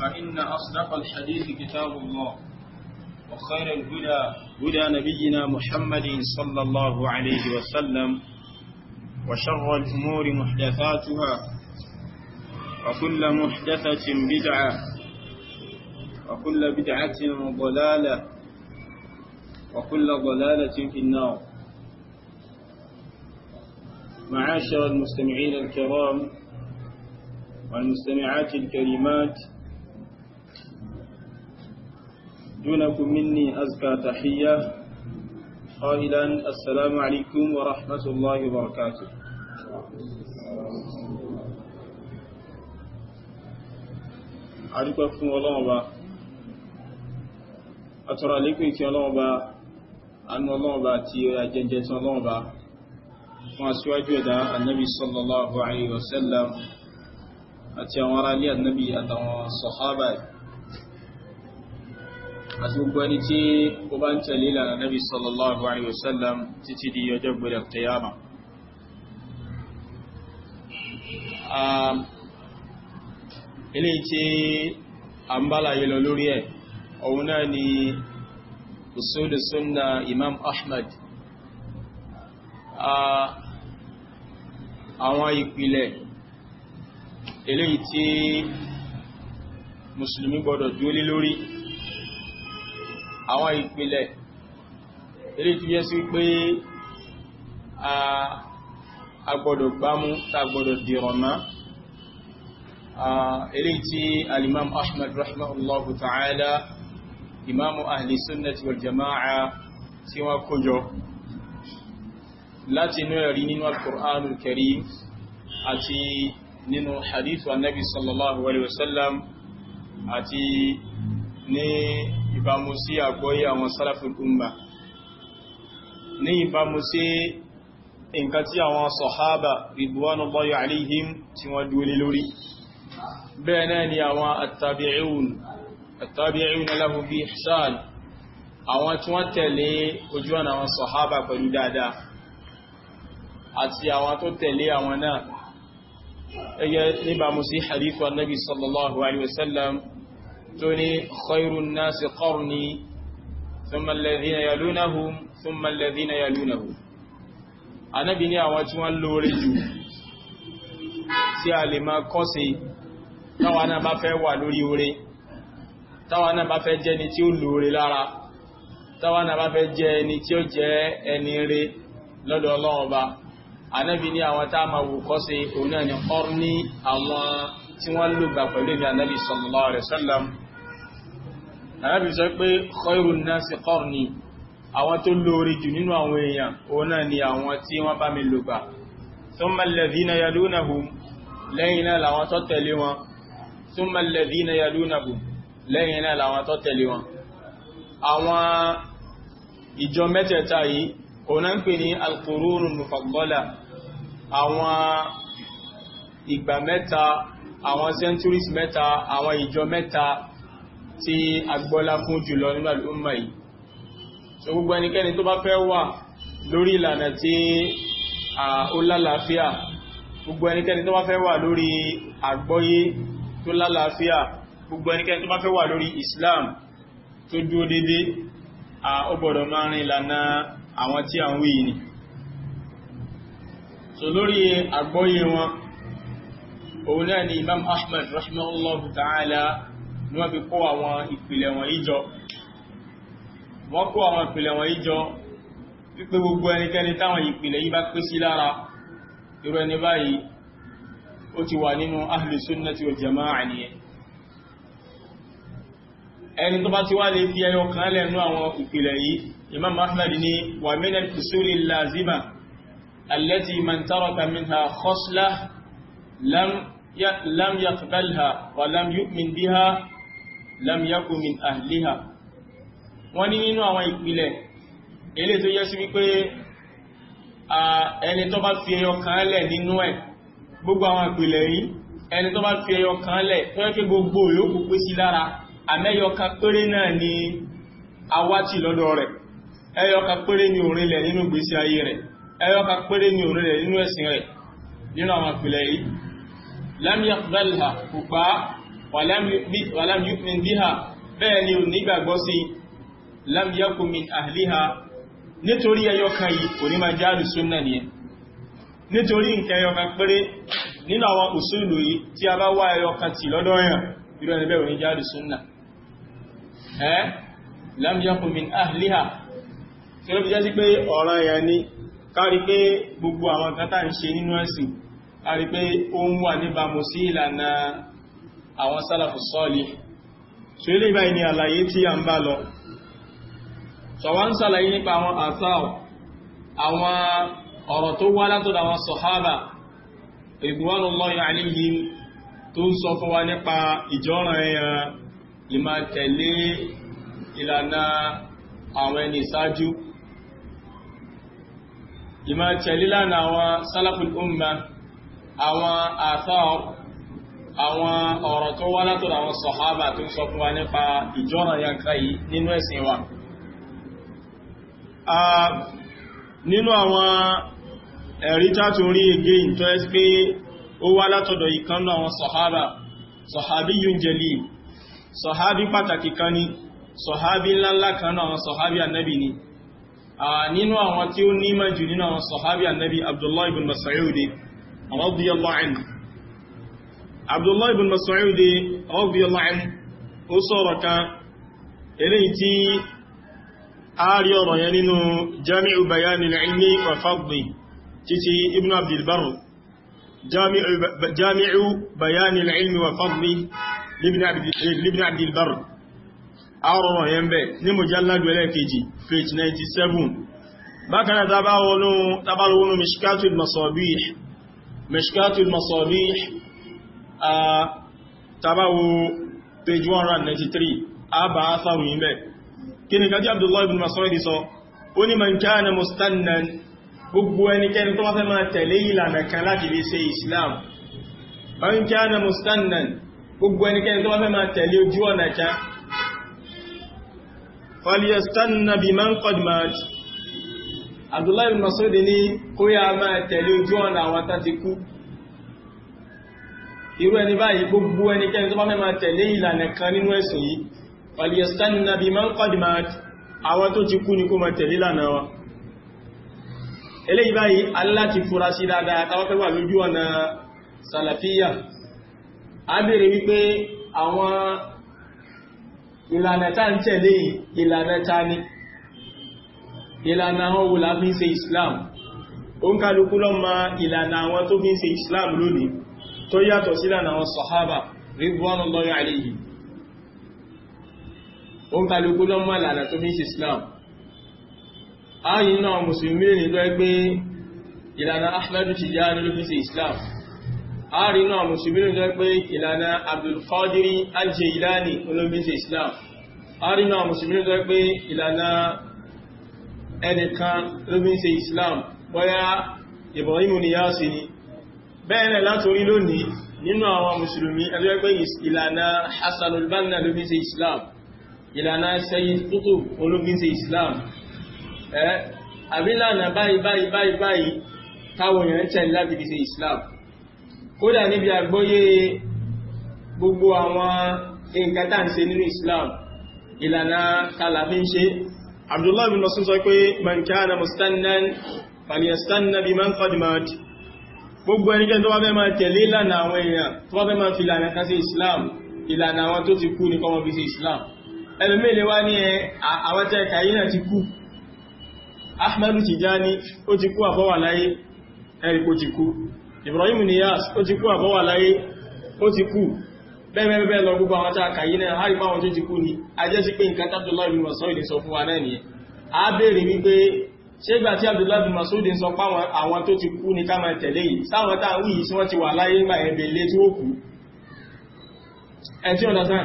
فإن أصدق الحديث كتاب الله وخير الهدى هدى نبينا محمد صلى الله عليه وسلم وشر الأمور محدثاتها وكل محدثة بدعة وكل بدعة ضلالة وكل ضلالة في النار معاشر المستمعين الكرام والمستمعات الكريمات دونكم مني أزكى تحية قائلا السلام عليكم ورحمة الله وبركاته عليكم فهم الله وبا أترى لكم إكي الله وبا أن الله وبا تيو يجنجة الله وبا فأسوى جودا النبي صلى الله عليه وسلم أتيا ورالي النبي أدوى الصحابة àti gbogbo ẹni tí ó bá ń tẹ̀lé ìlànà Nabi sallallahu alaihi wasallam títí di ọjọ́ gbẹ̀rẹ̀ tẹ̀yàmà ilé tí a ń bá láyé lọ lórí ẹ̀ òun náà ni usul Imam Ahmad àwọn ìpìlẹ̀ eléyìí tí mùsùlùmí gbọdọ̀ dúó lórí àwọn ìpìlẹ̀ eré tí yẹ́ sí pé a gbọ́dọ̀ gbámú ta gbọ́dọ̀ dìrọ̀má eré tí alimam ahmad rahimahullahu ta'ala imamu ahli sunnati wal jama'a tí wọ́n kójọ láti inú ẹ̀rí nínú al-Qur'anul Karim àti nínú hadithu annabi sallallahu alaihi wasallam àti ní ìbámu sí àgbọ́yé àwọn salaful umma ní ìbámu sí nǹkan tí àwọn sọ̀hábà ridwanullahi alaihim tí wọ́n dúlé lórí bẹ́ẹ̀ náà ni àwọn attabi'un attabi'una lahum bi ihsan àwọn tí wọ́n tẹ̀lé ojú àwọn sọ̀hábà pẹ̀lú dáadáa àti àwọn tó tẹ̀lé àwọn náà ẹgẹ́ níbàmú sí hadith sallallahu alaihi wasallam tó ní khairun nasi qarni thumma alladhina yalunahum thumma alladhina yalunahum anábi ní àwọn tí wọ́n lóore jù tí a lè máa kọ́ sí táwa náà bá fẹ́ wà lórí oore táwa náà bá fẹ́ jẹ́ ni tí ó lóore lára táwa náà bá fẹ́ jẹ́ ẹni tí ó jẹ́ ẹni rere lọ́dọ̀ Ọlọ́run anábi ní àwọn tá a máa wù kọ́ sí òun náà ni ọ̀rọ̀ ní àwọn tí wọ́n lògbà pẹ̀lú ìbí anábi sallallahu alaihi wasallam nàbí sọ pé khairun nasi qarni àwọn tó lóore jù nínú àwọn èèyàn òun náà ni àwọn tí wọ́n bá mi lò gbà thumma alladhina yalunahum lẹ́yìn náà làwọn tó tẹ̀lé wọn thumma alladhina yalunahum lẹ́yìn náà làwọn tó tẹ̀lé ìjọ mẹ́tẹ̀ẹ̀ta yìí òun náà ń pè ní alqurunul mufaddala àwọn ìgbà mẹ́ta àwọn centuries mẹ́ta àwọn ìjọ mẹ́ta tí a gbọ́lá fún jùlọ nínú àlúmà yìí so gbogbo ẹnikẹ́ni tó bá fẹ́ wà lórí ìlànà tí ó lálàáfíà gbogbo ẹnikẹ́ni tó bá fẹ́ wà lórí àgbọ́yé tó lálàáfíà gbogbo ẹnikẹ́ni tó bá fẹ́ wà lórí Islam tó dúó dédé ó gbọ́dọ̀ máa ìlànà àwọn tí a ń wí ni so lórí àgbọ́yé wọn òun náà ni Imam Ahmad rahimahullah ta'ala ni wọ́n fi kó àwọn ìpìlẹ̀ wọ̀nyí jọ wọ́n kó àwọn ìpìlẹ̀ wọ̀nyí jọ wípé gbogbo ẹnikẹ́ni táwọn ìpìlẹ̀ yìí bá pé sí lára irú ẹni báyìí ó ti wà nínú ahlu sunnati wal jama'a nìyẹn ẹni tó bá ti wá lè fi ẹyọ kan lẹ́nu àwọn ìpìlẹ̀ yìí imam ahmad ni wà mẹ́lẹ̀ fìsúrí lazima allati lam yaqbalha wa lam yu'min biha lam yakun min ahliha wọ́n ní nínú àwọn ìpìlẹ̀ ilé tó yẹ sí wípé ẹni tó bá fi ẹyọ kan lẹ̀ nínú ẹ̀ gbogbo àwọn ìpìlẹ̀ yìí ẹni tó bá fi ẹyọ kan lẹ̀ tó yẹ kí gbogbo yòókù pé sí lára àmẹ́yọ kan péré náà ni awátì lọ́dọ̀ rẹ̀ ẹyọ péré ni òrin lẹ̀ nínú ìgbésí ayé rẹ̀ ẹyọ péré ni òrin lẹ̀ nínú ẹ̀sìn rẹ̀ nínú àwọn ìpìlẹ̀ yìí lam yaqbalha kò pa wàlám yukmin bíhà bẹ́ẹ̀ ni ò nígbàgbọ́ sí lam yakun min ahliha nítorí ẹyọkan yìí kò ní máa jẹ́ àlùsúnnà nìyẹn nítorí nǹkan ẹyọkan péré nínú àwọn òṣèlú yìí tí a bá wá ẹyọkan tì lọ́dọ̀ yàn irú ẹni bẹ́ẹ̀ ò tí ó fi jẹ́ ni kárí pé ó ń wà níbàámu sí ìlànà àwọn sálàfù sọ́ọ̀lì so ilé ìbáyìí ni àlàyé tí a ń bá lọ so wọ́n ń sàlàyé nípa àwọn àtàwọ̀ àwọn ọ̀rọ̀ tó wá látọ̀dọ̀ àwọn sọ̀hábà ridwanullahi alaihim tó ń sọ fún wa nípa ìjọ́ràn ẹ̀yàn ìmá tẹ̀lé ìlànà àwọn ẹni ìsáájú àwọn ọ̀rọ̀ tó wá látọ̀dọ̀ àwọn sọ̀hábà tó ń sọ fún wa nípa ìjọ́nà yankan yìí nínú ẹ̀sìn wa nínú àwọn ẹ̀rí tátún rí ege ìtọ́ ẹ́ pé ó wá látọ̀dọ̀ ìkanú àwọn sọ̀hábà sọ̀hábí yún jẹ́lì sọ̀hábí pàtàkì kan ní sọ̀hábí ńláńlá kan náà àwọn sọ̀hábí annabi ni nínú àwọn tí ó nímọ̀ jù nínú àwọn sọ̀hábí annabi abdullahi ibn mas'ud radiyallahu anhu abdullahi ibn masaudi radiyallahu anhu ó sọ̀rọ̀ kan eléyìí tí a rí ọ̀rọ̀ yẹn nínú jami'u bayanil ilmi wa fadli títí ibn abdul barr jami'u bayanil ilmi wa fadli libni abdul barr a rọrọ̀ yẹn bẹ̀ ní mujalladu ẹlẹ́kejì page 97 bákanáà tabaronú mishkatul masabih mishkatul masabih tàbáwo page 193 àbá sáàrù yìí bẹ̀ kí ni kàjí Abdullahi ibn Mas'ud sọ ó ní man kana mustannan gbogbo ẹnikẹ́ni tó bá fẹ́ máa tẹ̀lé ìlànà kan láti lè ṣe Islam man kana mustannan gbogbo ẹnikẹ́ni tó bá máa tẹ̀lé ojú ọ̀nà kan falyastanna biman qad mat Abdullahi ibn Mas'ud ní kó yá máa tẹ̀lé ojú ọ̀nà àwọn tá kú irú ẹni báyìí gbogbo ẹnikẹ́ni tó bá mẹ́ma tẹ̀lé ìlànà kan nínú ẹ̀sìn yìí pàlìyàstán nàbí máa ń kọ́dìmá àwọn tó ti kú ní kó ma tẹ̀lé ìlànà wa eléyìí báyìí aláti fura sí dáadáa táwọn fẹ́ wà lójú ọ̀nà sàlàfíyà a bèèrè wípé àwọn ìlànà tá ń Islam ó ń kálukú lọ́mọ ìlànà àwọn Islam lónìí tó yàtọ̀ sílànà àwọn sọ̀hábà ridwanullahi alayhi ó ń kálukú lọ mọ́ ìlànà tó fi ń ṣe islam ayi náà mùsùlùmí rìn lọ pé ìlànà ahmadu tijani ló fi ṣe islam ayi náà mùsùlùmí rìn lọ pé ìlànà abdulkadiri aljeilani ló fi ṣe islam ayi náà mùsùlùmí rìn lọ pé ìlànà ẹnìkan ló fi ṣe islam bóyá ibrahim niyasi ni bẹ́ẹ̀rẹ̀ látorí lónìí nínú àwọn mùsùlùmí ẹgbẹ́ pé ìlànà Hassanul Banna ló fi ṣe Islam ìlànà Sayyid Qutb olófin ṣe Islam ẹ́ àbílànà báyìí báyìí báyìí báyìí táwọn èèyàn ń tẹ̀lé láti fi ṣe Islam kódà níbi àgbọ́yé gbogbo àwọn nǹkan tá à ń ṣe nínú Islam ìlànà kàlàfí ń ṣe Abdullahi bin Mas'ud sọ pé man kana mustannan falyastanna biman qad gbogbo ẹnikẹ́ni tó bá fẹ́ máa tẹ̀lé ìlànà àwọn èèyàn tó fẹ́ máa fi ìlànà kan sí Islam ìlànà àwọn tó ti kú ní kọ́mọ Islam ẹlòmíì lè wá ní àwọn tẹ́ ti kú Ahmadu Tijani ó ti kú àbọ̀wà láyé ẹ̀rì kò Ibrahim Niyas ó ti kú láyé ó ti kú lọ gbogbo àwọn ni a jẹ́ sí pé nǹkan tábdọ́lá ìlú a ṣégbà tí abdullahi masoudi sọ páwọn àwọn tó ti kú ní ká máa tẹ̀lé yìí sáwọn tá ń wí yìí sí wọ́n ti wà láyé ńgbà ẹ̀bẹ̀ ilé tí ó kú ẹ̀tí ọ̀dásán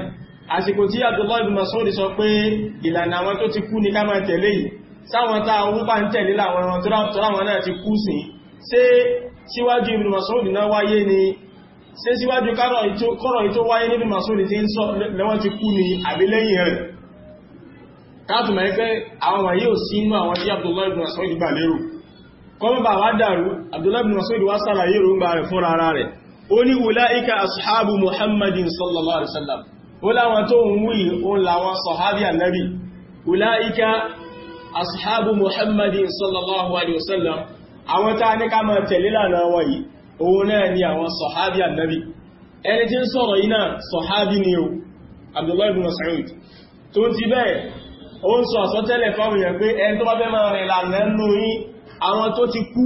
àsìkò tí abdullahi masoudi sọ pé ìlànà àwọn tó ti kú ní ká máa tẹ̀lé yìí sáwọn tá ń wúpa ń tẹ̀lé láwọn ẹran tó láwọn náà ti kú sí ṣé síwájú ibn masoudi náà wáyé ni ṣé síwájú kọ́rọ̀ ìtó wáyé níbi masoudi ti ń sọ lẹ́wọ́n ti kú ní àbílẹ́yìn rẹ̀ káàtùmọ̀ ẹgbẹ́ àwọn wàyí ò sí inú àwọn tí Abdullahi ibn Mas'ud gbà lérò kọ́mọ́bà wá dàrú Abdullahi ibn Mas'ud wá sàlàyé rògbà rẹ̀ fúnra ara rẹ̀ ó ní wùláìka ashabu Muhammadin Muhammadin sallallahu alaihi wasallam tó ti bẹ́ẹ̀ ó ń sọ àsọtẹ́lẹ̀ fáwọn èèyàn pé ẹni tó bá fẹ́ máa rìn ìlànà nù yí àwọn tó ti kú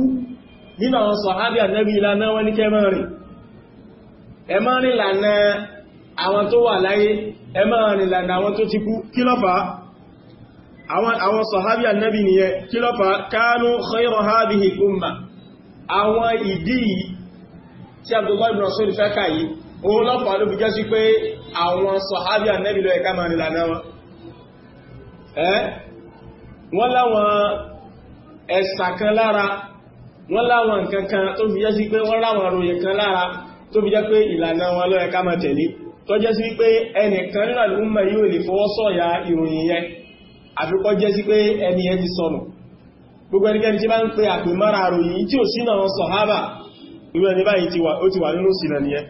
nínú àwọn sọ̀hábì ànábì ìlànà wọn ní kẹ́ máa rìn ẹ máa rìn ìlànà àwọn tó wà láyé ẹ máa rìn ìlànà àwọn tó ti kú kí ló fà àwọn sọ̀hábì ànábì nìyẹn kí ló fà kánú khayra wọ́n láwọn ẹ̀sà kan lára wọ́n láwọn nǹkan kan tó fi jẹ́ sí pé wọ́n láwọn àròyìn kan lára tó fi jẹ́ pé ìlànà wọn kama yẹ ká máa tẹ̀lé tó jẹ́ sí pé ẹnìkan nínú àlùmọ̀ yóò lè fọwọ́ sọ̀yà ìròyìn yẹn àfikọ́ jẹ́ sí pé ẹni yẹn ti sọnù gbogbo ẹnikẹ́ni tí bá ń pe àpè mára àròyìn tí ò irú ẹni báyìí ó ti wà nínú sínà nìyẹn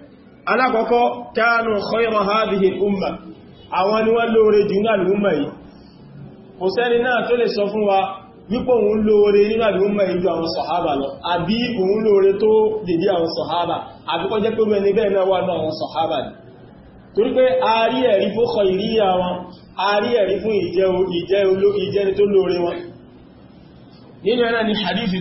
alákọ̀ọ́kọ́ kò sẹ́ni náà tó lè sọ fún wa wípò òun lóore nínú àdúgbò ìjọ àwọn sọ̀hábà lọ àbí òun lóore tó dèdí àwọn sọ̀hábà àbíkọ́ jẹ́ pé mẹ́ni bẹ́ẹ̀ náà wà náà àwọn sọ̀hábà ni torí pé a rí ẹ̀rí fún kọ ìrí àwọn a rí ẹ̀rí fún ìjẹni tó lóore wọn nínú ẹ̀nà ni hadithi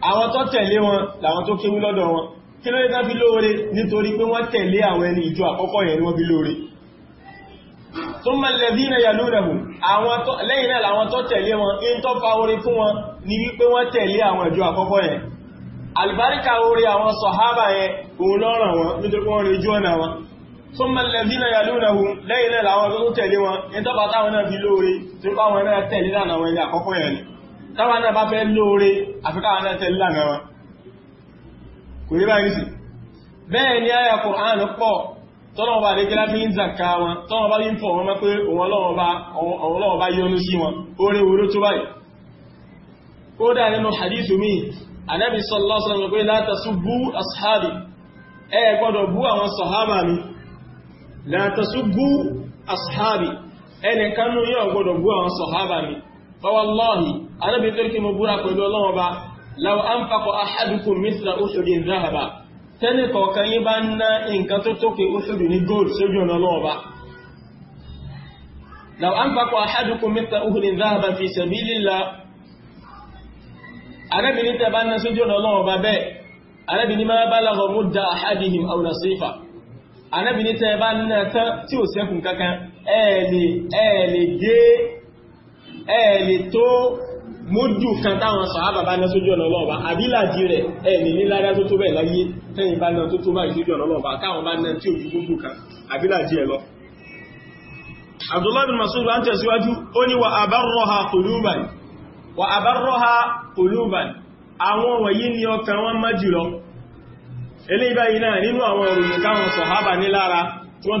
àwọn tó tẹ̀lé wọn làwọn tó kéwú lọ́dọ̀ wọn kí ló dá fi lóore nítorí pé wọ́n tẹ̀lé àwọn ẹni ìjọ àkọ́kọ́ yẹn ni wọ́n fi lóore thumma alladhina yalunahum lẹ́yìn náà làwọn tó tẹ̀lé wọn in tó fa oore fún wọn ni wípé wọ́n tẹ̀lé àwọn ìjọ àkọ́kọ́ yẹn àlùbáríkà oore àwọn sọ̀hábà yẹn òun lọ́ràn wọn nítorí pé wọ́n rí ojú ọ̀nà wọn thumma alladhina yalunahum lẹ́yìn náà làwọn tó táwa náà bá fẹ́ lóore àfikáwà náà tẹ́lú lànà wọn kò yí báyìí sí bẹ́ẹ̀ ni àyà Kùránì pọ̀ tọ́lọ́wọ́ bá dékẹ́lá fi ń zàkà wọn tọ́lọ́wọ́ bá fi ń fọ̀ wọn mọ́ pé sí wọn orí tó báyìí nínú hadith mi anábì ashabi ẹ gbọ́dọ̀ bú àwọn mi anábì tó kí mo búra pẹ̀lú ọlọ́wọ́ bá law anfaqa ahadukum mithla uhudin dhahaba tẹ́lẹ̀ kọ̀ọ̀kan yí bá ń ná nǹkan tó tókè Uhud ní gold sójú ọ̀nà ọlọ́wọ́ bá law anfaqa ahadukum mithla uhudin dhahaban fi sabilillah anábì ní tẹ́ bá ń ná sójú ọ̀nà ọlọ́wọ́ bá bẹ́ẹ̀ anábì ní máa balagha mudda ahadihim aw nasifa anábì ní tẹ́ bá ná tán tí ò sẹ́kùn kankan ẹ̀ẹ̀lì ẹ̀ẹ̀lì gé ẹ̀ẹ̀lì tó mójú kan táwọn sàábà bá ná sójú ọ̀nà ọlọ́ọ̀bá àbílàjì rẹ̀ ẹ̀ ní nílára tó tó bẹ̀ láyé tẹ́yìn bá ná tó tó báyìí sójú ọ̀nà ọlọ́ọ̀bá táwọn bá ná tí ojú mójú kan àbílàjì ẹ̀ lọ. Abdullahi bin Mas'ud wa ń tẹ̀síwájú ó ní wa abarroha quluban wa abarroha quluban àwọn wọ̀nyí ni ọkàn wọn má jùlọ eléyìí báyìí náà nínú àwọn ìròyìn káwọn sàhábà ní lára tí wọ́n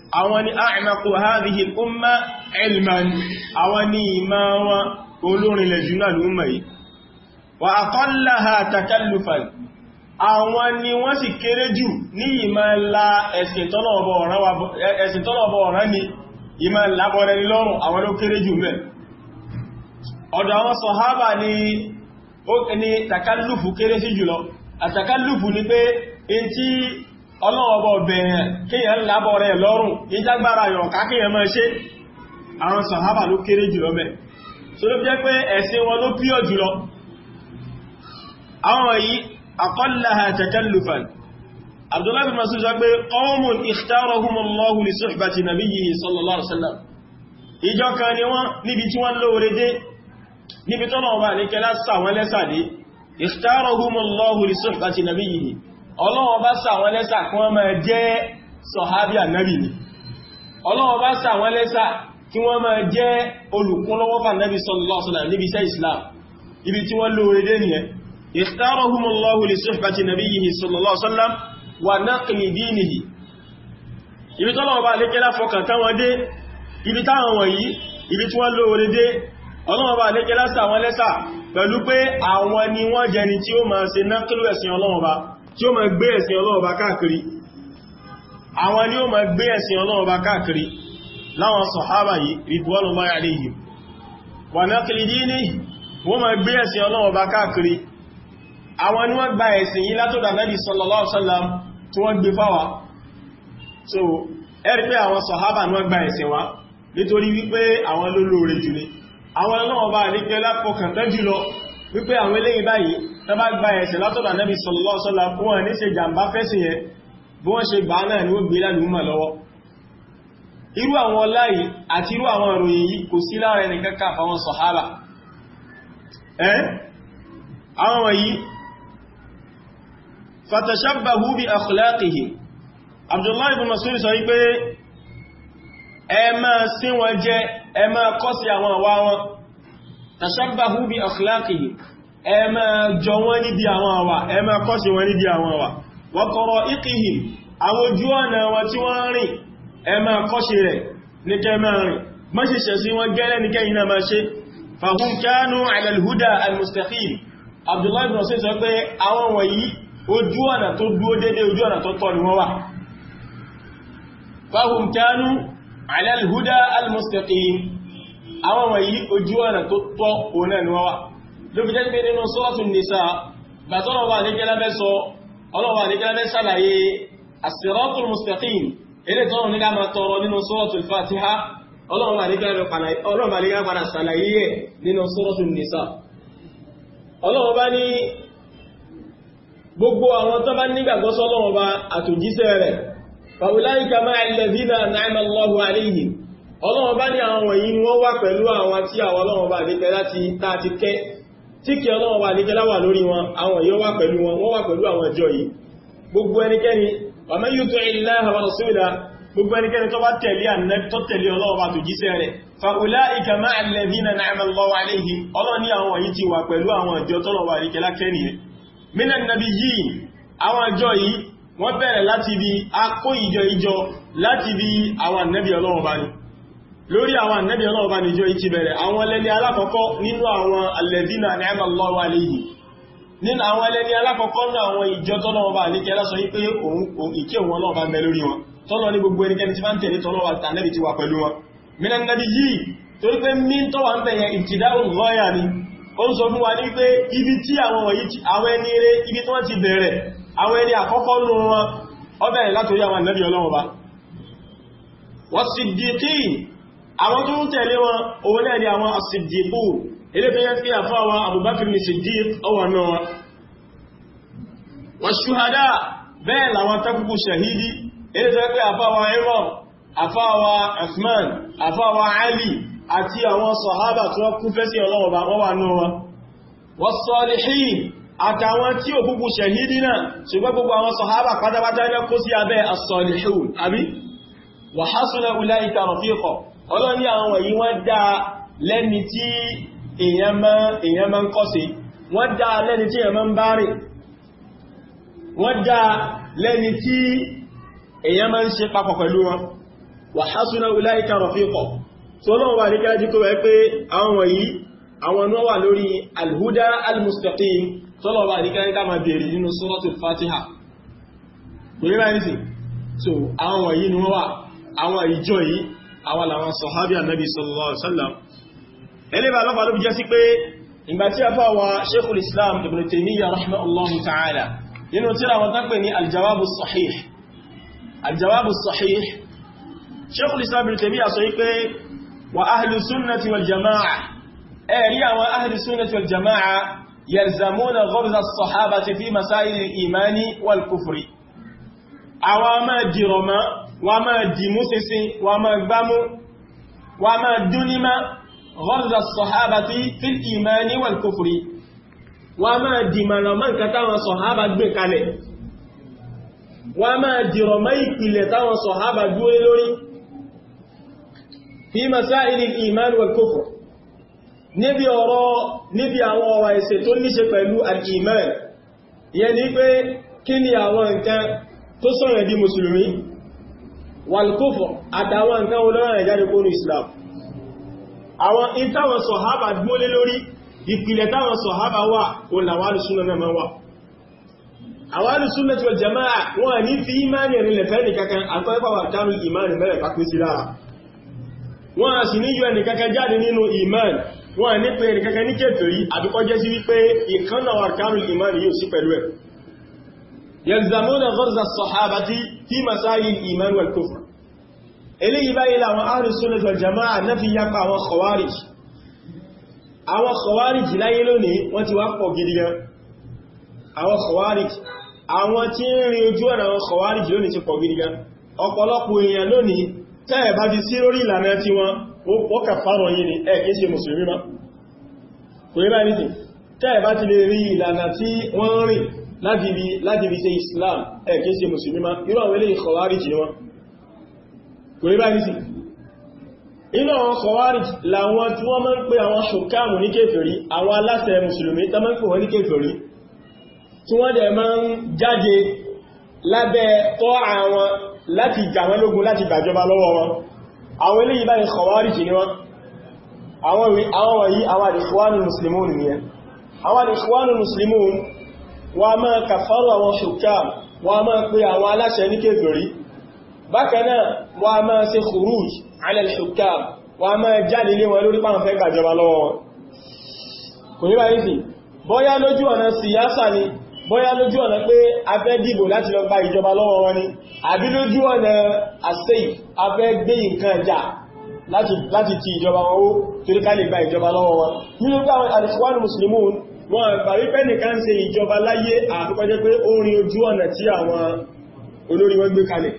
àwọn ni a'maqu hadhihi al-umma ilman àwọn ni ìmọ̀ wọn olórinlẹ̀ jùlọ lúmọ̀ yìí wa aqallaha takallufan àwọn ni wọ́n sì kéré jù ní ìmọ̀ ńlá ẹ̀sìn tọ́lọ̀bọ̀ ọ̀rán ni ìmọ̀ lábọ̀rẹ̀ lọ́rùn àwọn ló kéré jù mẹ́ ọlọ́ọ̀bọ̀ bẹ̀rẹ̀ kíyàn lábọ̀ rẹ̀ lọ́rùn ìjágbára yọ̀ká kíyàn máa ṣe àwọn sàhábà ló kéré jùlọ bẹ̀ so ló jẹ́ pé ẹ̀sìn wọn ló píọ̀ jùlọ àwọn yìí aqallaha takallufan Abdullah bin Mas'ud sọ pé qawmun ikhtarahumullahu li suhbati nabiyyihi sallallahu alaihi wasallam ìjọ kan ni wọ́n níbi tí wọ́n ọlọ́wọ́ bá sàwọn lẹ́sà kí wọ́n máa jẹ́ sọ̀hábí ànábì ni ọlọ́wọ́ bá sàwọn lẹ́sà kí wọ́n máa jẹ́ olùkúnlọ́wọ́ fànábì sallallahu alaihi wasallam níbi iṣẹ́ Islam ibi tí wọ́n lóore dé li suhbati nabiyyihi sallallahu alaihi wasallam dinihi ibi tọ́lọ́wọ́ bá lékẹ́lá fọkàn táwọn dé ibi táwọn wọ̀nyí ibi tí wọ́n lóore dé ọlọ́wọ́ bá lékẹ́lá sàwọn lẹ́sà pẹ̀lú pé àwọn ni wọ́n jẹni tí ó máa ṣe náà kílù ẹ̀sìn ọlọ́wọ́ bá tí ó ma gbé ẹ̀sìn Ọlọ́run bá káàkiri àwọn ni ó ma gbé ẹ̀sìn Ọlọ́run bá káàkiri láwọn sọ̀hábà yìí ridwanullahi alayhim wa naqli dinihi wọ́n ma gbé ẹ̀sìn Ọlọ́run bá káàkiri àwọn ni wọ́n gba ẹ̀sìn yìí látọ̀dọ̀ Ànábì so ẹ̀rí pé àwọn sọ̀hábà ni wọ́n gba ẹ̀sìn wa nítorí wípé àwọn lólóore jù ni wípé àwọn eléyìn báyìí tó bá gba ẹ̀sẹ̀ látọ̀dọ̀ Ànábì sallallahu alaihi wasallam fún wọn ní ṣe jàmbá fẹ́sì yẹn bí wọ́n ṣe gbà náà ni ó gbé lánàá mọ̀ lọ́wọ́ irú àwọn ọlá àti irú àwọn ìròyìn yìí kò sí lára ẹni sí wọn jẹ ẹ kọ́ sí àwọn àwa tashabbahu bi akhlaqihi ẹ máa jọ wọ́n níbi àwọn àwà ẹ máa kọ́sí wọn níbi àwọn àwà wa qara'iqihim àwọn ojú ọ̀nà wọn tí wọ́n rìn ẹ máa kọ́sí rẹ̀ ní kẹ́ máa rìn mọ́ṣẹ̀ṣẹ̀ sí wọn gẹ́lẹ́ ní kẹ́yìn náà máa ṣe fahum kanu ala al àwọn wọ̀nyí ojú ọ̀nà tó tọ́ òun náà ni wọ́n wà ló fi jẹ́ pé nínú sọ́ọ̀tún nìsa bàtọ́lọ́wà àdékẹ́lábẹ́ sọ ọlọ́wà àdékẹ́lábẹ́ sàlàyé as-siratul mustaqim eré tọ́rọ ní káàmà tọrọ nínú gbogbo àwọn tó bá nígbàgbọ́sọ́ ọlọ́wà àtòjíṣẹ́ rẹ̀ fa ulaika ma'a alladhina an'ama Allahu alayhim ọlọ́run bá ní àwọn wọ̀nyí wọ́n wà pẹ̀lú àwọn tí àwọn ọlọ́run bá nípẹ́ láti tààtí kẹ́ tí kí ọlọ́run bá nípẹ́ láwà lórí wọn àwọn yóò wà pẹ̀lú wọn wọ́n wà pẹ̀lú àwọn ìjọ yìí gbogbo ẹnikẹ́ni ọmọ yóò tó ilẹ̀ àwọn ọ̀sọ́dà gbogbo ẹnikẹ́ni tó bá tẹ̀lé ànẹ́bí tó tẹ̀lé ọlọ́run bá tó jíṣẹ́ rẹ̀ fàkùlá ìkàmá àlẹ́dínà nàìmẹ́ lọ́wọ́ wọ́n bẹ̀rẹ̀ láti bí akó ìjọ ìjọ láti bí àwọn ànẹ́bí ọlọ́run bá ní lórí àwọn ànábì ọlọ́ọ̀bá níjọ́ ìkí bẹ̀rẹ̀ àwọn ẹlẹ́ni alákọ̀ọ́kọ́ nínú àwọn alẹ́dínà ni'ama Allahu alayhi nínú àwọn ẹlẹ́ni alákọ̀ọ́kọ́ nínú àwọn ìjọ tọ́lọ́ọ̀bá níkẹ́ lásọ yí pé ìkí òun ọlọ́ọ̀bá mẹ́ lórí wọn tọ́lọ́ gbogbo ẹnikẹ́ni tí bá ń ti wa ibi tí àwọn ẹni ibi àwọn tó ń tẹ̀lé wọn òun náà ni àwọn asìdìkú ilé tó yẹ́ sí àfáwà Abubakar ní Siddiq ọwà náà wọ́n ṣúhádá bẹ́ẹ̀ làwọn takùkù ṣahidi ilé tó yẹ́ àfáwà Imam àfáwà Uthman àfáwà Ali àti àwọn sọ̀hábà tó kú fẹ́ sí ọlọ́wọ̀bà ọwà náà wọ́n salihin àtàwọn tí ò kúkú ṣahidi náà ṣùgbọ́n gbogbo àwọn sọ̀hábà pátápátá ní kó sí abẹ́ as-salihun àbí wa hasuna ulaika rafiqa ọlọ́ni àwọn èyí wọ́n dá lẹ́ni tí èyàn máa ń kọ́sí wọ́n dá lẹ́ni tí èyàn máa ń bá rìn wọ́n dá lẹ́ni tí èyàn máa ń ṣe papọ̀ pẹ̀lú wọn wa hasuna wà ní kájí kó alhuda almustaqim tó lọ́wọ́ wà ní kájí ká máa bèèrè nínú so àwọn ni wọ́n wà àwọn ìjọ yìí àwọn làwọn sọ̀hábí ànábì sallallahu alaihi wasallam ẹlẹ́bà lọ́pàá ló bí jẹ́ sí pé ìgbà tí a fà wa sheikhul islam ibn taymiyyah rahimahullahu ta'ala nínú tírà wọn tán pè ní aljawabu sahih aljawabu sahih sheikhul islam ibn taymiyyah sọ pé wa ahlu sunnati wal jama'a ẹ̀rí àwọn ahlu sunnati wọ́n máa dìmú sínsín wọ́n máa gbámú wọ́n máa dúnímá rọ́dà sọ̀hábà tí fil ìmáni wal kufri wọ́n máa dìmọ̀ràn mọ́ nǹkan táwọn sọ̀hábà gbé kalẹ̀ wọ́n máa dìrọ̀ mọ́ ìpìlẹ̀ táwọn sọ̀hábà dúró lórí fi masáìlì ìmáni wal kufri níbi ọ̀rọ̀ níbi àwọn ọ̀rọ̀ ẹ̀sẹ̀ tó níṣe wàlkúfọ̀ àtàwọn nǹkan olóòrùn ìjáde kó ní islam àwọn ìtàwọn sọ̀hábà gbólé lórí ìpìlẹ̀ táwọn sọ̀hábà wà olàwà alùsúnà náà wà àwọn alùsúnà tí wọ́n jama'a wọ́n ní fi imani rinlẹ̀ fẹ́ ní kankan àkọ́ẹ́pàwà dánú imani mẹ́rẹ̀ pàpín sí lára wọ́n a sì ní yọ ẹni kankan jáde nínú imani wọ́n ní pé ẹni kankan ní kèfèrí àbíkọ́jẹ́ sí wípé ìkan náà wà dánú imani yóò sí pẹ̀lú ẹ̀ yẹlzamona gọ́rza sọ̀hábà tí fi masáyìl ìmán wal kufr eléyìí báyìí láwọn ahlus sunnah wal jama'a náà fi yapa àwọn khawarij àwọn khawarij láyé lónìí wọ́n ti wá pọ̀ gidi gan àwọn khawarij àwọn tí ń rin ojú ọ̀nà àwọn khawarij lónìí ti pọ̀ gidi gan ọ̀pọ̀lọpọ̀ èèyàn lónìí tẹ́ẹ̀ bá ti sí lórí ìlànà tí wọ́n wọ́n kà fárọ̀ yìí ni ẹ̀ kìí ṣe láti fi ṣe islam ẹ̀ kìí ṣe musulmi ma irú àwọn eléyìí kọwàríjì ni wọ́n kò rí báyìí sí inú àwọn kọwàríjì làwọn tí wọ́n máa ń pè àwọn ṣùkámù ní kéfèrí àwọn aláṣẹ musulmi tó máa ń pè wọ́n ní kéfèrí tí wọ́n dẹ̀ máa ń jáde lábẹ́ tọ́ àwọn láti jà wọ́n lógun láti gbàjọba lọ́wọ́ wọn wọ́n a máa kàfàrù àwọn ṣùkà wọ́n a máa pè àwọn aláṣẹ ní kéferí bákanáà wọ́n a máa ṣe khuruj ala ṣùkà wọ́n a máa jáde lé wọn lórí pàǹfẹ́ gbàjọba lọ́wọ́ wọn kò ní báyìí sí bóyá láti ti ìjọba wọn torí ká lè gba ìjọba lọ́wọ́ wọn nínú pé àwọn mùsùlùmí wọn gbà wípé se ṣe ìjọba láyé àfikọ́jẹ́ pé ó rin ojú ọ̀nà tí àwọn olórí wọn gbé kalẹ̀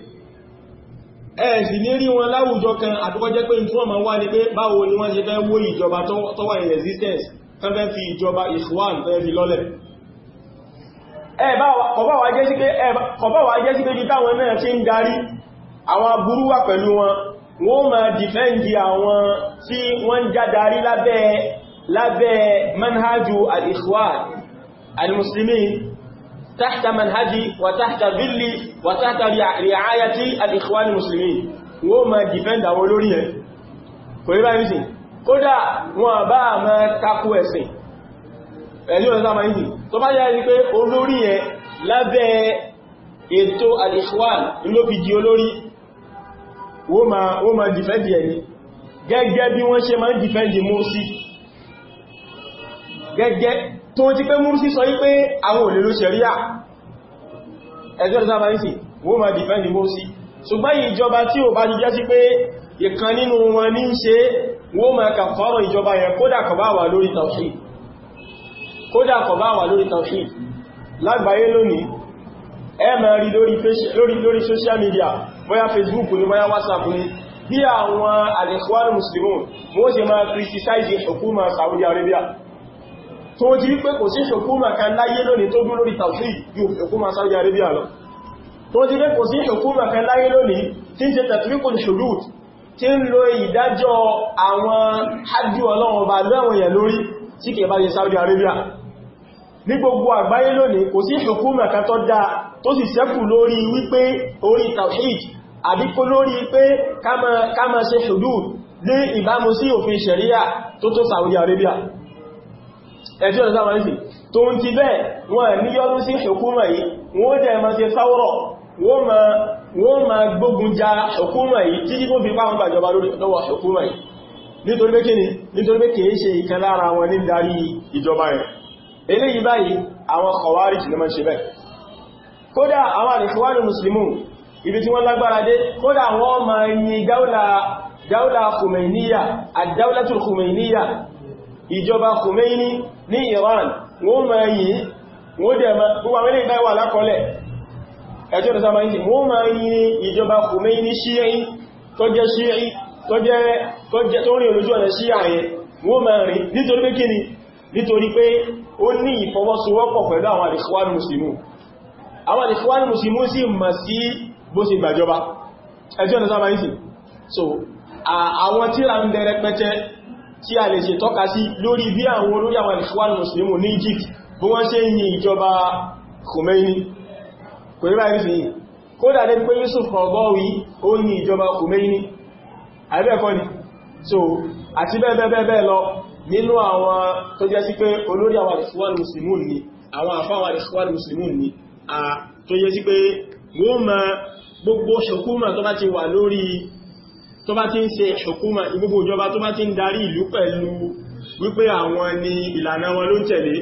ẹ̀sì ní rí wọn láwùjọ kan àfikọ́jẹ́ pé tí wọ́n máa wá ní pé báwo ni wọ́n ṣe fẹ́ wó ìjọba tó wà in existence kan fẹ́ fi ìjọba ìṣwàn fẹ́ fi lọ́lẹ̀ kọ̀bá wa jẹ́ sí pé bí táwọn náà ṣe ń darí àwọn aburú wà pẹ̀lú wọn wọ́n máa dìfẹ́ǹdì àwọn tí wọ́n lábẹ́ manhajú al-ikhwan al-muslimin tahta manhaji wa tahta dhilli wa tahta ri'ayati al-ikhwan al-muslimin wọ́n ma defend àwọn olórí ẹ̀ kò rí báyìí sí kódà wọn bá ma takú ẹ̀sìn ẹ̀lú ọ̀sá ma yìí tó bá yá rí pé olórí ẹ̀ lábẹ́ ètò gẹ́gẹ́ bí wọ́n ṣe ma ń defend Mursi gẹ́gẹ́ tó ti pé múrúsí sọ wípé àwọn òlèlò ṣẹ̀ríà ẹjọ́ ìsába ní sí wọ́n ma dìfẹ́ndì múrúsí ṣùgbọ́n ìjọba tí ò bá jíjẹ́ sí pé ìkan nínú wọn ní ṣe wọ́n ma kà fọ́rọ̀ ìjọba yẹn kódà kò bá wà lórí tawhid kódà social media bóyá facebook ni whatsapp ni bí àwọn al-Ikhwan al-Muslimun wọ́n ṣe ma criticize hukuma Saudi Arabia tó jí wípé kò sí ṣòkúmà kan láyé lónìí tó dúró lórí tàwí ju ṣòkúmà Saudi Arabia lọ tó jí wípé kò sí ṣòkúmà kan láyé lónìí tí ń ṣe tàtíríkùn ṣòdúd tí ń lo ìdájọ́ àwọn hajjú Arabia ní gbogbo àgbáyé lónìí kò sí ṣòkúmà kan tó dá tó sì sẹ́kù lórí wípé orí tawhid àbíkó lórí pé ká má ṣe ṣòdúd ní ìbámu sí òfin ṣẹ̀ríyà tó tó Saudi Arabia ẹ̀tí ọ̀nà sáwọn ìsìn tó ń ti bẹ́ẹ̀ wọ́n ní yọ́nú sí hukuma yìí wọ́n jẹ́ ma ṣe sáwọ́rọ̀ wọ́n ma gbógun ja hukuma yìí títí tó fi páwọn gbàjọba lórí lọ́wọ́ hukuma yìí nítorí pé kíni nítorí pé kìí ṣe ìkan lára wọn ní darí ìjọba rẹ̀ eléyìí báyìí àwọn kọwárí jù lọ́mọ́ ṣe bẹ́ẹ̀ kódà ìjọba Khomeini ní Iran wọ́n ma yìí wọ́n dẹ̀ ma gbogbo àwọn ilé ìdáwà lákọọ́lẹ̀ ẹjọ́ tó sáma yìí wọ́n ma yìí ìjọba Khomeini ṣíyí tó jẹ́ ṣíyí tó rí olójú ọ̀nà ṣíyà yẹn wọ́n ma rí nítorí pé kíni nítorí pé ó ní ìfọwọ́sowọ́pọ̀ pẹ̀lú so àwọn tíra ń bẹ̀rẹ̀ pẹ́tẹ́ tí a lè ṣe tọ́ka sí lórí bí àwọn olórí àwọn Ikhwan Muslimun ní Egypt bí wọ́n ṣe yin ìjọba Khomeini kò rí báyìí fi kódà dé pé Yusuf Qaradawi ó yin ìjọba Khomeini àìbẹ́ẹ̀kọ́ ni so àti bẹ́ẹ̀bẹ́ẹ̀ lọ nínú àwọn tó jẹ́ sí pé olórí àwọn Ikhwan Muslimun ni àwọn àfá àwọn Ikhwan Muslimun ni a tó jẹ́ sí pé wọ́n ma gbogbo tó bá ti ń ṣe ṣùkúmà gbogbo ìjọba tó bá ti ń darí ìlú pẹ̀lú wípé àwọn ni ìlànà wọn ló ń tẹ̀lé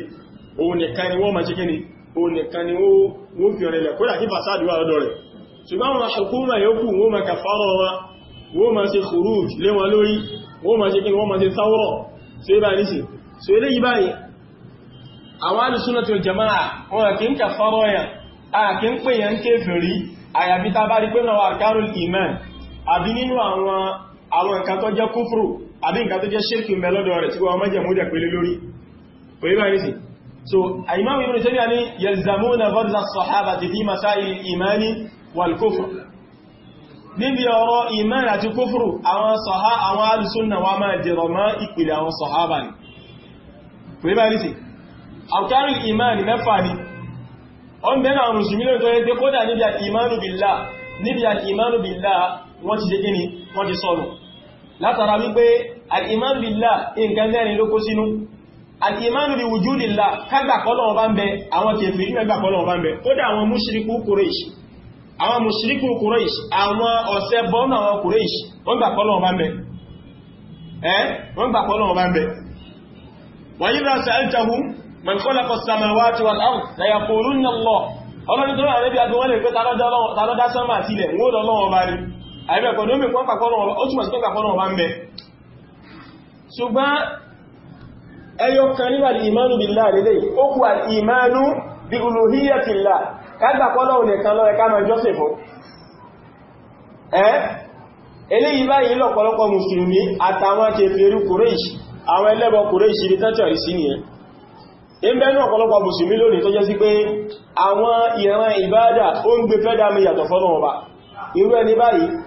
òun nìkan ni wọ́n máa ṣe kíni òun nìkan ni wọ́n fi ọ̀rẹ́ lẹ̀ kódà kí fàṣádù wà lọ́dọ̀ rẹ̀ ṣùgbọ́n àwọn ṣùkúmà yókù wọ́n jama'a wọn kí ń kàfàrọ̀ a kí ń pè yàn kéfèrí àyàfi tá bá rí àbí nínú àwọn àwọn nǹkan tó jẹ́ kúfùrù àbí nǹkan tó jẹ́ ṣírkì mẹ́ lọ́dọ̀ rẹ̀ tí wọ́n mọ́jẹ̀ múdẹ̀ pẹ̀lú lórí pẹ̀lú bá nìsí so imam ibn taymiya ni yalzamuna ghadza as-sahabati fi masail al-imani wal kufr níbi ọ̀rọ̀ iman àti kúfùrù àwọn sọ̀há àwọn alùsùnà wa máa jẹrọ mọ́ ìpìlẹ̀ àwọn sọ̀hábà ni pẹ̀lú bá nìsí àwùkárí iman mẹ́fà ni ọmọ bẹ́ẹ̀ wọ́n ti ṣe kí ni wọ́n ti sọnù látara wípé al-iman billah nǹkan mẹ́rin ló kó sínú al-imanu bi wujudillah kágbà kọ́lọ̀wọ́ bá ń bẹ àwọn kèfèrí mẹ́gbà kọ́lọ̀wọ́ bá ń bẹ kódà àwọn mushriku Quraysh àwọn mushriku Quraysh àwọn ọ̀sẹ̀ bọ́nà àwọn Quraysh wọ́n gbà kọ́lọ̀wọ́ bá ń bẹ eh wọ́n gbà kọ́lọ̀wọ́ bá tó rà níbi àdúwọ́n lè pé tàlọ́dá sánmà sílẹ̀ wọ́n lọ́wọ́ bá rí àìbẹ̀kọ̀ ní omi kan pàkọ́nà ọba ó túnmọ̀ sí pàkọ́nà ọba ń bẹ ṣùgbọ́n ẹyọ kan nígbà di ìmánú billah lédè ó kú ìmánú bí uluhiyyatillah kágbàkọ́nà ò nìkan lọ ẹ̀ká máa jọ́sẹ̀ fún ẹ́ eléyìí báyìí lọ́pọ̀lọpọ̀ mùsùlùmí àtàwọn kèfèrí kùrẹ́ṣì ní báyìí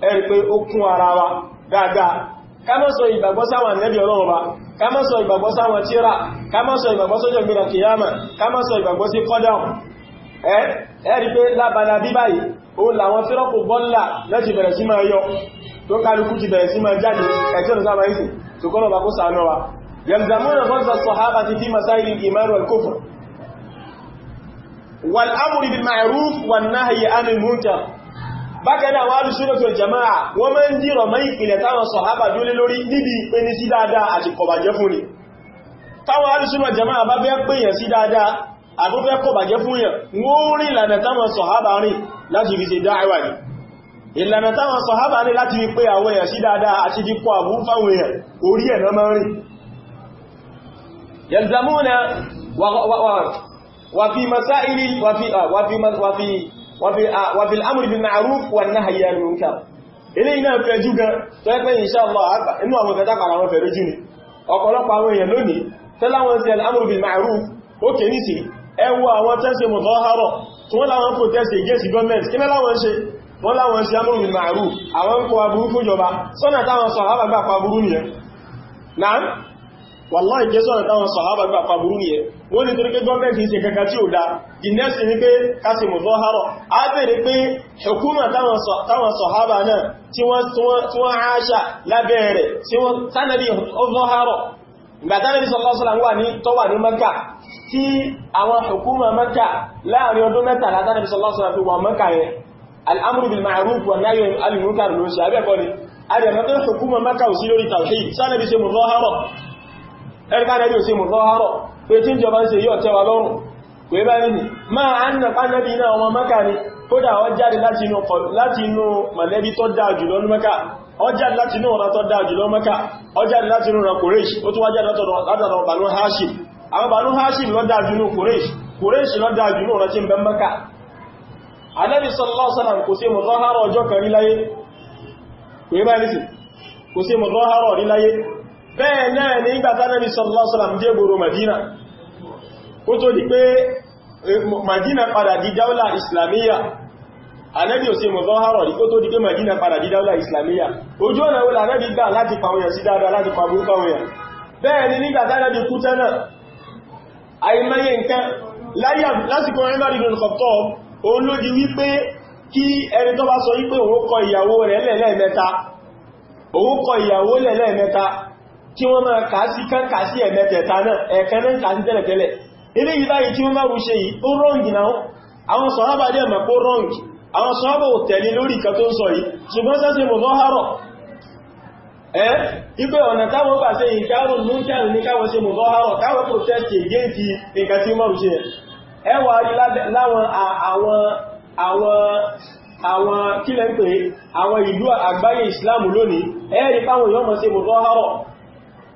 ẹ̀rí pé ó kún ara wa dáadáa kámọ́sọ ìgbàgbọ́ sáwọn nẹ́bí ọlọ́run ba kámọ́sọ ìgbàgbọ́ sáwọn tíra kámọ́sọ ìgbàgbọ́ sójò mìíràn kìyàmà kámọ́sọ ìgbàgbọ́ sí kọ́dáun ẹ̀rí pé lábàdà bí báyìí ó làwọn tírọ́pù bọ́nlá lẹ́ti bẹ̀rẹ̀ sí máa yọ tó kálukú ti bẹ̀rẹ̀ sí máa jáde ẹ̀tẹ́rù sáwọn ìsì tó kọ́nà bá kó sàánú wa yẹmzàmúnà fọ́nsà bákanáà wọ́n alùsúnlọ́tí ò jama'a wọ́n mẹ́ ń dìrọ̀ mẹ́ ìpìlẹ̀ táwọn sọ̀hábà dúlé lórí níbi ìpéni sí dáadáa àti kọ̀bàjẹ́ fún ni táwọn alùsúnlọ́ jama'a bá fẹ́ pèèyàn sí dáadáa àbúfẹ́ kọ̀bàjẹ́ fún yàn wọ́n rí ìlànà táwọn sọ̀hábà rìn láti fi ṣe dáẹ̀wà ni ìlànà táwọn sọ̀hábà ní láti wípé àwọn èèyàn sí dáadáa àti dípò àbú fáwọn èèyàn orí ẹ̀ náà máa rìn fi wàbí al'amùrì bin ma'aruf wà ní àyà lóǹkà ilé iná fẹ́jú gan tó ẹgbẹ́ insha Allah àgbà inú àwọn ìgbẹ́ta pàdà wọn fẹ̀rẹ̀ jù ní ọ̀pọ̀lọpọ̀ àwọn èèyàn lónìí tẹ́láwọn sí al'amùrì bin ma'aruf ó kè ní sí ẹwọ àwọn tẹ́sẹ̀ mọ̀tọ́hárọ̀ wàláì jésù ọ̀nà táwọn sọ̀hábà gbà pàbúrú ní ẹ wọ́n ni torí pé gọ́ọ̀mẹ́ntì ṣe kankan tí ó dá ìnẹ́sì ní pé kásìmù tó hárọ̀ a bèèrè pé hukuma táwọn sọ̀hábà náà tí wọ́n áṣà lábẹ́ rẹ̀ tí wọ́n tánàbí ọzọ́ hárọ̀ gbàtánàbí sọ̀lọ́sọ̀lá Adẹ̀mọ́tọ́ hukuma Makka ò sí lórí tawhid, sánàbí ṣe mudahara ẹ̀rìkánà bí ò sí mùsọ́hárọ̀ pé tí ìjọba ń ṣe yóò tẹ́wà lọ́rùn pé báyìí ni máa á nà pánàbí náà wọn mẹ́kà ni kódà wọ́n jáde láti inú mọ̀lẹ́bí tó dáa jùlọ ní mẹ́kà wọ́n jáde láti inú ọ̀nà tó dáa jùlọ mẹ́kà wọ́n jáde láti inú ọ̀nà kòrèṣì ó tún wá jáde látọ̀dọ̀ bànú hashim àwọn bànú hashim lọ dáa jùlọ kòrèṣì kòrèṣì lọ dáa jùlọ bẹ́ẹ̀ náà ní ìgbàtà Ànábì sallallahu alaihi wasallam dé ìgboro Madina kó tó di pé eh, Madina padà di dáúlà islamiyya Ànábì ò sí mọ̀zọ́hárọ̀ ní kó tó di pé Madina padà di dáúlà islamiyya ojú ọ̀nà wọ́n Ànábì gbà láti pàwọ̀yàn sí dáadáa láti pàwọ̀yàn bẹ́ẹ̀ ni nígbàtà Ànábì kú tánà àìmọye nǹkan lásìkò Umar ibn Khattab òun ló di wípé kí ẹni tó kọ ìyàwó rẹ̀ lẹ́lẹ́mẹ́ta kí wọ́n máa kà sí kán kà na ẹ̀mẹ́tẹ̀ẹ̀ta náà ẹ̀ẹ̀kan náà kà sí tẹ́lẹ̀tẹ́lẹ̀ ilé yìí báyìí tí wọ́n máa wùṣe yìí ó rọ́ǹgì náà àwọn sọ̀hábà dẹ̀ mọ̀ pó rọ́ǹgì àwọn sọ̀hábà ò tẹ̀lé se protest against tí wọ́n ṣe ẹ àwọn kílẹ̀ ń pè àwọn ìlú àgbáyé ìsìláàmù lónìí èèyàn mọ̀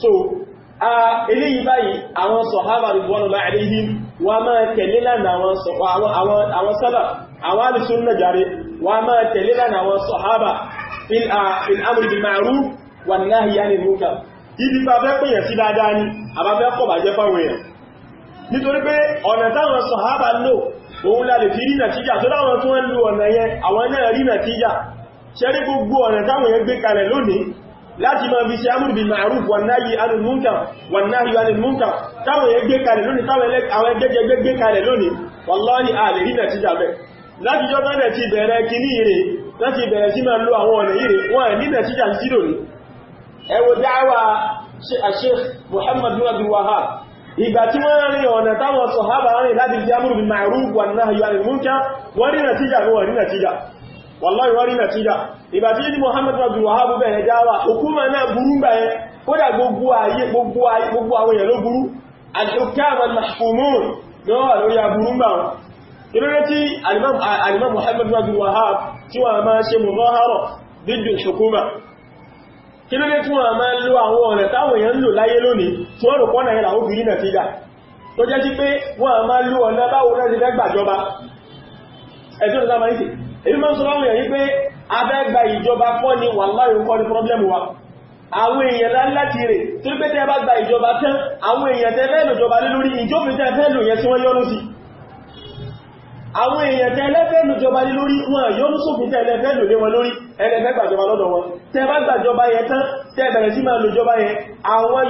so eléyìí báyìí àwọn sọ̀hábà rìbọ́nù láàrín wọ́n máa tẹ̀lé lánà àwọn sálà àwọn alìsún náà jàre wọ́n máa tẹ̀lé lánà àwọn sọ̀hábà in amri bil ma'ruf wan nahyi anil munkar ibi bá fẹ́ pèyàn sí dáadáa ni àbá fẹ́ kọ̀ bàjẹ́ fáwọn èèyàn nítorí pé ọ̀nà táwọn sọ̀hábà lò òun la lè fi rí nàtíjà tó láwọn tó ń lo ọ̀nà yẹn àwọn náà nàtíjà ṣẹ́rí gbogbo ọ̀nà táwọn yẹn gbé kalẹ̀ lónìí láti máa fi ṣe amúrù bil ma'ruf wà náyí anil munkar wà náyí anil munkar táwọn yẹn gbé kalẹ̀ lónìí táwọn ẹgbẹ́jẹgbẹ́ gbé kalẹ̀ lónìí wallahi àlè rí nà tíjà bẹ́ láti jọ bẹ́ẹ̀ ti bẹ̀rẹ̀ kìíní ire láti bẹ̀rẹ̀ sí máa lo àwọn ọ̀nà ire wọ́n ní nà tíjà sí lónìí ẹ wo dáwà Sheikh Muhammad bin Abdul Wahhab ìgbà tí wọ́n rìn ìbàtí ní Muhammad Abdul Wahab bẹ̀rẹ̀ jáwà hukuma náà burú bẹ̀rẹ̀ kódà gbogbo ayé gbogbo àwọn èèyàn ló burú al-hukam al-mahkumun lọ́wà lórí aburú bá alimam Muhammad Abdul Wahab tí wọ́n máa ṣe mọ̀rọ̀ dídùn hukuma kí ló dé tí wọ́n máa lo àwọn ọ̀nà táwọn èèyàn lò láyé lónìí tí wọ́n rò pọ́nà ẹ̀rà obìnrin náà ti dà tó jẹ́ sí pé wọ́n máa lo ọ̀nà báwo náà ti fẹ́ gbàjọba ẹ̀tọ́ ìdámáyìí èyí máa abẹ́gba ìjọba kọ́ ni wàláhì kọ́ ni pọ́blẹ́mù wa àwọn èèyàn láti rè tó pé tẹ́ bá gba ìjọba tán àwọn èèyàn tẹ́ fẹ́ lò jọba lórí ìjọba tẹ́ fẹ́ lò yẹn tí wọ́n yọ́nú sí àwọn èèyàn tẹ́ lẹ́fẹ́ lò jọba lórí wọn yọ́nú sófin tẹ́ lẹ́fẹ́ lò lé wọn lórí ẹlẹ́fẹ́ gbàjọba lọ́dọ̀ wọn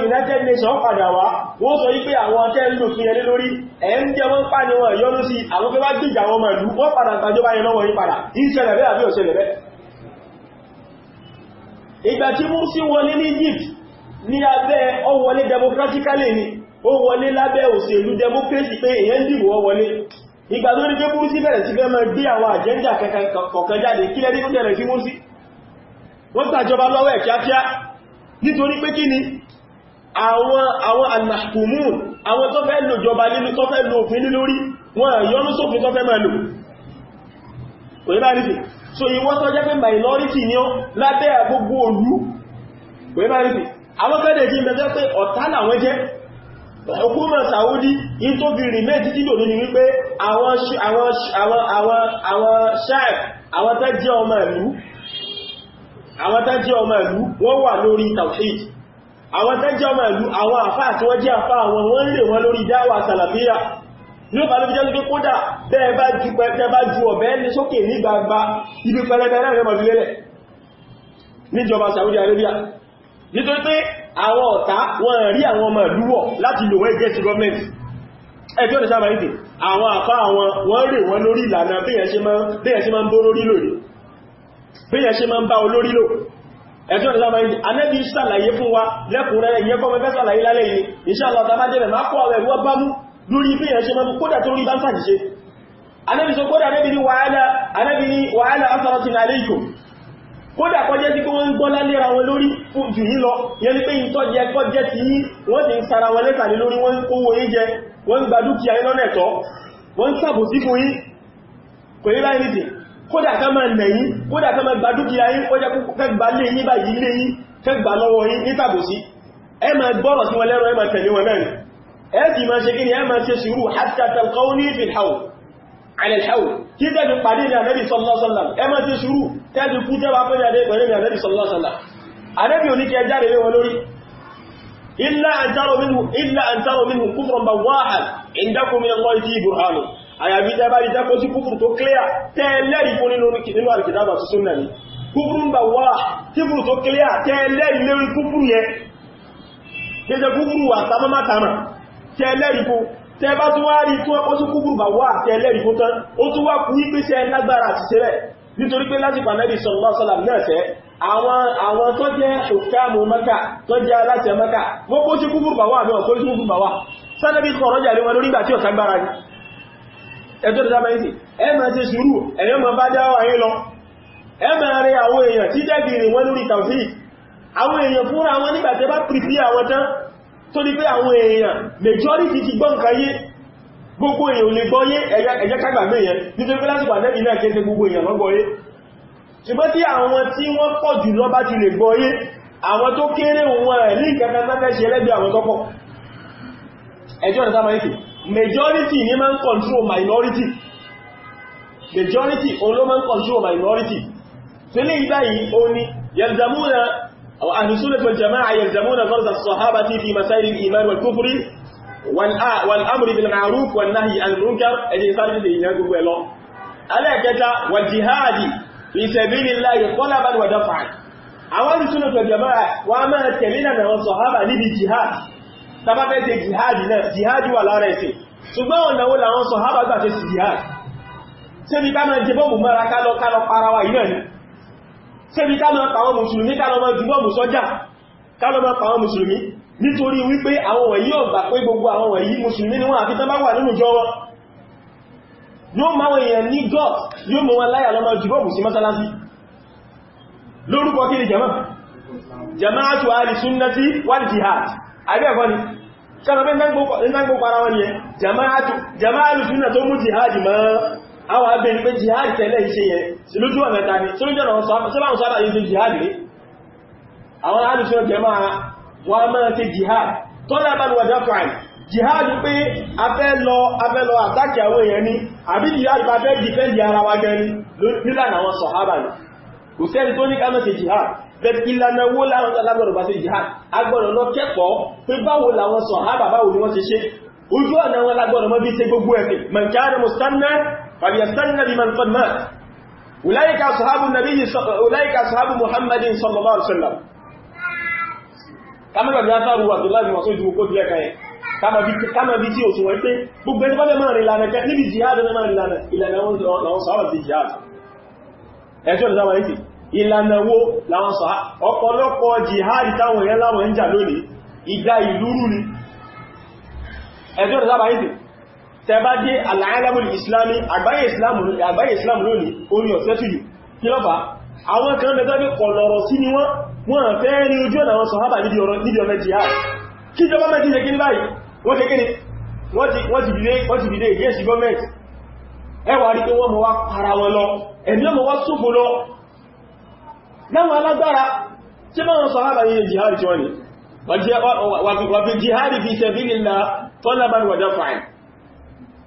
United Nations padà wá wọ́n sọ wípé àwọn tẹ́ ń lò fi yẹn lórí ẹ̀ ń jẹ wọ́n pàdé wọn yọ́nú sí àwọn pé wá gbìjà wọn màlú wọ́n padà gbàjọba yẹn lọ́wọ́ yín padà ìṣẹ̀lẹ̀ bẹ́ẹ̀ àbí òṣèlẹ̀ bẹ́ẹ̀ ìgbà tí mú sí wọlé ní Egypt ní abẹ́ ó democratically ni ó wọlé lábẹ́ òṣèlú democracy pé èyàn dìbò ó wọlé ìgbà tó ní pé mú sí bẹ̀rẹ̀ sí fẹ́ mọ́ gbé àwọn agenda kọ̀ọ̀kan jáde kílẹ̀ ní ìpínlẹ̀ sí mú sí wọ́n tàjọba lọ́wọ́ ẹ̀ kíákíá nítorí pé ni àwọn àwọn àmàkùnmù àwọn tó fẹ́ lò jọba nínú tó fẹ́ lò òfin lórí wọn yọ́nú sófin tó fẹ́ so ìwọ́n tó jẹ́ pé minority ni ó lábẹ́ gbogbo olú pé bá rí pé àwọn kẹ́dẹ̀ jí mẹ́jọ́ pé ọ̀tá làwọn jẹ́ okúmọ̀ Saudi in tó fi rìn méjì títò ní wípé àwọn ṣáẹ̀ àwọn tẹ́ jẹ́ ọmọ ìlú àwọn tẹ́ jẹ́ ọmọ ìlú wọ́n wà lórí tawhid àwọn tẹ́ jẹ́ ọmọ ìlú àwọn àfáà tí wọ́n jẹ́ àfáà wọn wọ́n lè wọn lórí dáwà sàlàfíà yóò bá ló fi jẹ́ pé kódà bẹ́ẹ̀ bá ju pẹ́ẹ́ bá ju ọ̀bẹ ní sókè ní gbangba ibi pẹlẹbẹ náà yóò mọ̀ fi lélẹ̀ níjọba Saudi Arabia nítorí pé àwọn ọ̀tá wọn rí àwọn ọmọ ìlú wọ̀ láti lò wọ́n ẹgbẹ́ ti gọ́ọ̀mẹ́ntì ẹgbẹ́ ọ̀nà sábà ìdè àwọn àfá àwọn wọ́n rè wọ́n lórí ìlànà bíyàn ṣe máa ń bó ẹjọ́ ìlànà anẹ́bí ṣàlàyé fún wa lẹ́kùnrẹ́rẹ́ ìyẹ́kọ́ mẹ́fẹ́ ṣàlàyé lálẹ́ yìí inshallah tàbájẹ́rẹ̀ máa kọ́ ọ̀rẹ́ wọ́n bá mú lórí pé yẹn ṣe mọ́ bí kódà tó rí bá ń fàyí ṣe anẹ́bí sọ kódà anẹ́bí ní wàhálà afẹ́rọ̀tún àlẹ́yìnkò kódà kọjẹ́ sí kí wọ́n ń gbọ́lá lera wọn lórí jù yí lọ yẹn ni pé ìtọ́ jẹ kọjẹ́ ti yí wọ́n ti ń sara wọn lẹ́ta lé lórí wọ́n kówó yí jẹ wọ́n ń gba dúkìá iná nẹ̀tọ́ wọ́n ń sàbò sí fún yí kò yí láì nìtì kódà ká máa nẹ̀ yí kódà ká máa gba dúkìá yí kọjá kẹgbà lé yí báyìí lé yí kẹgbà lọ́wọ́ yí ní sàbò sí ẹ máa gbọ́rọ̀ sí wọn lẹ́rọ ẹ máa tẹ̀lé wọn mẹ́rin ẹ̀ẹ́dì máa ṣe kí ni ẹ máa ṣe sùúrù hatta talqawni fil hawl ala al hawl kí tẹ́bí pàdé ní ànábì sallallahu alaihi wasallam ẹ máa ṣe sùúrù tẹ́bí kú tẹ́bà pẹ́jáde pẹ̀lú ní ànábì àyàbí tẹ́bá rí sí kúfùrù tó clear tẹ́ẹ̀lẹ́rì fún nínú al-kitab àti sunnah ni kúfùrù bawah kúfùrù tó clear tẹ́ẹ̀lẹ́rì lórí kúfùrù yẹn kí kúfùrù wà tamamátàmà tẹ ẹlẹ́rìí fún tẹ bá tún wá rí fún ó tún kúrú bà wá tẹ ẹlẹ́rìí fún tán ó tún wá kú ìpèsè lágbára àtìsẹ́ rẹ̀ nítorí pé lásìkò ànábì sallallahu alaihi wasallam náà sẹ́ àwọn àwọn tó jẹ́ òkàmù mẹ́kà tó jẹ́ aláṣẹ mẹ́kà wọ́n kó sí kúrú bà wá àbí ọ̀kọ́ sí kúrú bà wá sánẹ́bí kọ̀ọ̀rọ̀ jà lé wọn lórí ìgbà tí ọ̀sán gbára ni ẹjọ́ tó dábàá yìí ẹ máa ṣe sùúrù ẹ̀yọ́ máa bá dáwà yín lọ ẹ máa rí àwọn èèyàn tí jẹ́gìrì wọn lórí tàwí àwọn èèyàn fúnra wọn nígbà tẹ́ bá pìpì àwọn tán tó ní pé àwọn èèyàn majority ti gbọ́ nǹkan yé gbogbo èèyàn ò lè gbọ́ yé ẹ̀jẹ́ kágbàgbé yẹn nítorí pé lásìkò ànẹ́bì náà kéde gbogbo èèyàn lọ́gbọ́ yé ṣùgbọ́n tí àwọn tí wọ́n pọ̀ jù lọ bá ti lè gbọ́ yé àwọn tó kéré wọn ẹ̀ ní ìkẹta sáfẹ́ ṣe ẹlẹ́bí àwọn tó pọ̀ ẹjọ́ ìrẹsà máa ń fi majority ni máa ń control minority majority òun ló máa ń control minority tí ní ìgbà yìí ó ní yẹ̀lzàmúra أهل السنة والجماعة يلزمون فرض الصحابة في مسائل الإيمان والكفر والأمر بالمعروف والنهي عن المنكر الذي صار في الإيمان كله ألا كتا والجهاد في سبيل الله طلبا ودفعا أهل السنة والجماعة وما تلنا من الصحابة لبي جهاد تبا بيت جهاد جهاد ولا رأسي ṣùgbọ́n ọ̀nà أول làwọn sọ̀hábà gbà ṣe sí jihad ṣe ní ká máa jẹ ṣébi ká máa pàwọn mùsùlùmí ká lọ máa jù bọ́ọ̀mù sọ́jà ká lọ máa pàwọn mùsùlùmí nítorí wípé àwọn wọ̀nyí ò gbà pé gbogbo àwọn wọ̀nyí mùsùlùmí ni wọ́n àfi tán bá wà nínú jọ wọn yóò máa wọn èèyàn ní god yóò mọ wọn láyà lọ máa jù bọ́ọ̀mù sí mọ́sálásí lórúkọ kí ni jama jama'atu ahli sunnati wal jihad àbí ẹ̀kọ́ ni ṣe àwọn abẹ́ni pé jihad tẹ́lẹ̀ iṣẹ́ yẹ sílójú ọ̀nà tàbí sílójú ọ̀nà sọ́bàrùn sábà yìí jihad rí àwọn alùsọ́ jẹma wọ́n máa ti jihad tọ́lá àbánuwà jafran jihad pé afẹ́ lọ afẹ́ lọ àtàkì àwọn èèyàn ní àbí jihad bá fẹ́ dìfẹ́ndì ara wa gẹni nílànà àwọn sọ̀hábà ní kò sẹ́ni tó ní ká máa ti jihad bẹ́ẹ̀ ìlànà wo láwọn alágbọ̀dọ̀ bá ti jihad agbọ̀dọ̀ lọ kẹ́kọ̀ọ́ pé báwo làwọn sọ̀hábà báwo ni wọ́n ti ṣe ojú ọ̀nà wọn lágbọ̀dọ̀ mọ́ bí ṣe gbogbo ẹ̀sìn mọ̀kánà mùsànnà فليستنى بمن قد مات أولئك أصحاب النبي صل... أولئك أصحاب محمد صلى الله عليه وسلم kama gbàgbà sáàrù wà tó láti wọ́n sójú kó díẹ̀ kan yẹn kama bí tí ò tún wọ́n pé gbogbo ẹni bọ́lẹ̀ máa rí lànà jẹ́ níbi jihad ní máa rí lànà ìlànà àwọn sọ́wọ́ sí jihad ẹjọ́ ìdáwà yìí ìlànà wo láwọn sọ́wọ́ ọ̀pọ̀lọpọ̀ jihad táwọn yẹn láwọn ń jà lónìí ìgbà ìlúrú ni ẹjọ́ ìdáwà yìí tẹba dé aláàlámùlì islami àgbáyé islam lónìí orí ọ̀sẹ́ tìlú kí lọ́fà àwọn kan lẹ́tọ́ bí kọlọ̀rọ̀ sí ni wọ́n wọ́n fẹ́ ní ojú ọ̀nà wọn sọ̀hábà níbi ọ̀rọ̀ jihad kí jọba mẹ́jì ṣe kíní báyìí wọ́n ṣe kíní wọ́n ti bìdé ìgbésí gọ́ọ̀mẹ́ntì ẹwà rí pé wọ́n mọ́ wá para wọn lọ ẹ̀mí ọmọ wá sófò lọ láwọn alágbára tí jihad tí wọ́n ni wà fi jihad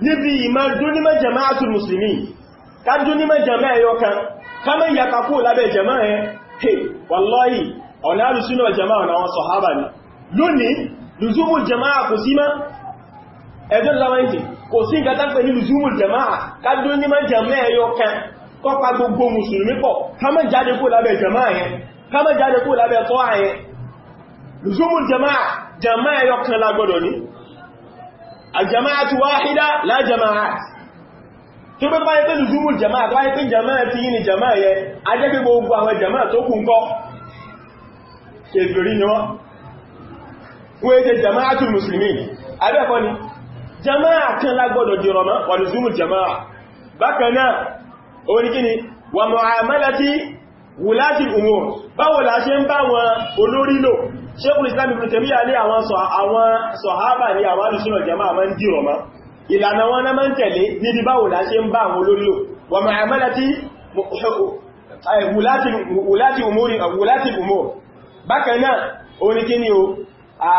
níbi ìmá dúnímọ̀ jama'atul musulmi ká dúnímọ̀ jama'a ẹyọ kan ká mẹ́ yàpá lábẹ́ jama'a ẹ he wallahi ọ̀nà alùsúnà jama'a ọ̀nà àwọn sọ̀hábà ni lónìí lùzúmù jama'a kò mọ́ ẹjọ́ jama'a jama'a gbogbo musulmi jama'a jama'a jama'a la aljama'atu wahida la jama'at tí ó bẹ́ báyé pé lùzúmù jama'a báyé pé jama'a ti yí ni jama'a yẹ a jẹ́ pé gbogbo àwọn jama'a tó kù ń kọ́ kèfèrí ni wọ́n wọ́n jẹ́ jama'atu musulmi abẹ́kọ́ ni jama'a kan lágbọ́dọ̀ jọrọ mọ́ wà lùzúmù jama'a ṣékùn islam ibn tẹ̀míyà ní àwọn sọ̀hábà ní àwọn alùsùnà jama'a ma ń dìrọ̀ ma ìlànà wọn na máa ń tẹ̀lé níbi báwo la ṣe ń bá àwọn olóòlò wà ma'amalati wùláti umur bákan náà oníkíní o a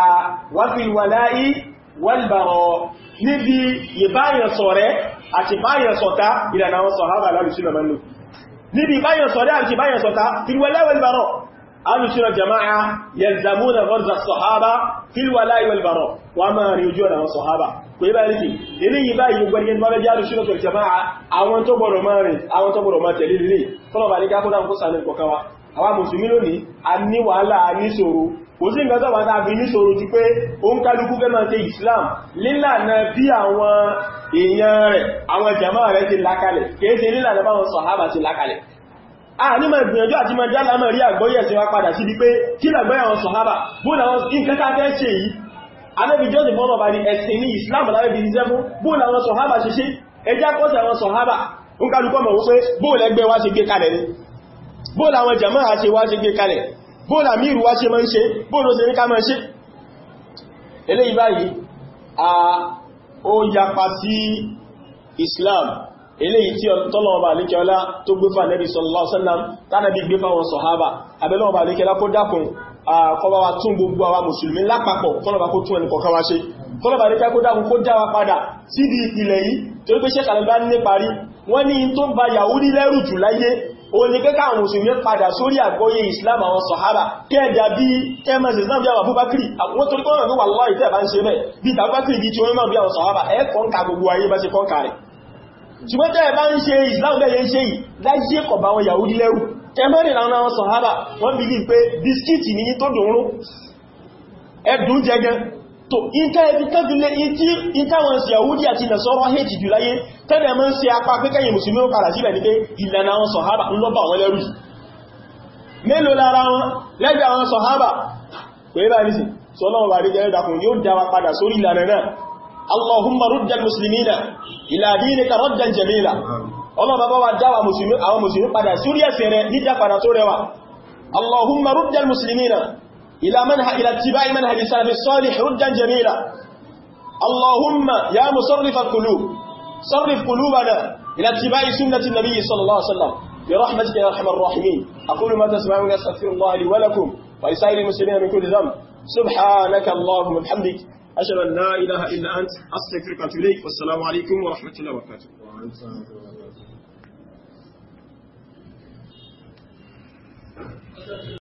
wáfil wàláì wàlbàrọ̀ níbi ìbáyàn sọ̀rẹ́ àti báyàn sọ̀tá ìlànà wọn sọ̀hábà alùsùnà ma ń lò níbi ìbáyàn sọ̀rẹ́ àti báyàn sọ̀tá ìwàláwàlbàrọ̀ alùsùnà jama'a yalzamuna gharza sọ̀hábà fílwàláì wàlbàrà wà máa rí ojú ọ̀nà sọ̀hábà kò yí báyìí sí ilé yìí báyìí gbogbo ẹgbẹ́ mọ́rẹ́ jẹ́ alùsùnà tó jama'a àwọn tó gbọ́rọ̀ máa rìn àwọn tó gbọ́rọ̀ máa tẹ̀lé lílé tọ́lọ̀bà ní kákúdá ń kó sàánì kọ̀kawa àwọn mùsùlùmí lónìí a ní wàhálà a ní ṣòro kò sí nǹkan tọ́wà tàbí ní ṣòro ju pé ó ń kálukú fẹ́ máa ṣe Islam lílànà a ah, ní ma gbìyànjú àti ma já lámà rí àgbọ́yẹ̀ sí wa padà sí wípé kí làgbọ́yẹ̀ àwọn sọ̀hábà bóòlà wọn nǹkan ká fẹ́ ṣe yìí alẹ́bí jọ́sìn mọ́nà bá ní ẹ̀sìn ní ìsìláàmù lábẹ́bí ní sẹ́fún bóòlà àwọn sọ̀hábà ṣe ṣe ẹjá kọ́sì àwọn sọ̀hábà ń kálukọ́ mọ̀ wípé bóòlà ẹgbẹ́ wa ṣe gbé kalẹ̀ ni bóòlà àwọn jàmá ṣe wá ṣe gbé kalẹ̀ bóòlà Islam eléyìí tí tọ́lọ̀ọba alékẹ́ọlá tó gbé fà nẹ́bí sallallahu alaihi wasallam tánàbí gbé fà wọn sọ̀hábà abẹ́lọ́ọba alékẹ́ọlá kó dákùn àkọba wa tún gbogbo àwa mùsùlùmí lápapọ̀ kọ́lọ̀bà kó tún ẹnì kọ̀ọ̀kan wa ṣe kọ́lọ̀bà alékẹ́ọlá kó dákùn kó dá wa padà síbi ilẹ̀ yìí torí pé Sheikh Albani ní parí islam àwọn sọ̀hábà kẹ́ẹ̀dà bí ms islam bí àwọn abúbákìrì àwọn torí kọ́nà ní wà lọ́wọ́ ìtẹ́ bá ń ṣe bẹ́ẹ̀ bí tàbúbákìrì bí tí ṣùgbọ́n tẹ́ ẹ bá ń ṣe Islam bẹ́ẹ̀ ṣe yìí láyé kọ̀bá wọn Yahudi lẹ́rù ẹmẹ́rin láwọn àwọn sọ̀hábà wọ́n bí i pé biskiti ní tó dùnrún ẹdùn jẹgẹ tó ìta ẹbí tẹ́bílẹ̀ ìtàwọn Yahudi àti nàṣọ́rọ̀ hejì jù láyé tẹ́lẹ̀ mọ́ sí apá pẹ́kẹ́yìn mùsùlùmí ó padà sílẹ̀ ní pé ìlànà àwọn sọ̀hábà ń lọ́bà wọn lẹ́rù mélòó lára wọn lẹ́gbẹ̀ẹ́ àwọn sọ̀hábà pẹ̀lú àìsìn اللهم رد المسلمين إلى دينك ردا جميلا ọlọ́run bàbá wa dáwà àwọn musulmi padà sórí ẹ̀sẹ̀ rẹ̀ níjà padà tó rẹwà allahumma ruddan muslimina ila manha ila tibai manha bi salafi salih ruddan jamila allahumma ya musarrif al-qulub sarrif qulubana ila tibai sunnati nabi sallallahu alaihi wasallam bi rahmatika ya arhamar rahimin aqulu ma tasma'una astaghfirullah li wa lakum wa lisa'iril muslimina min kulli dhanb subhanaka allahumma bihamdika أشهد أن لا إله إلا أنت أستغفرك إليك والسلام عليكم ورحمة الله وبركاته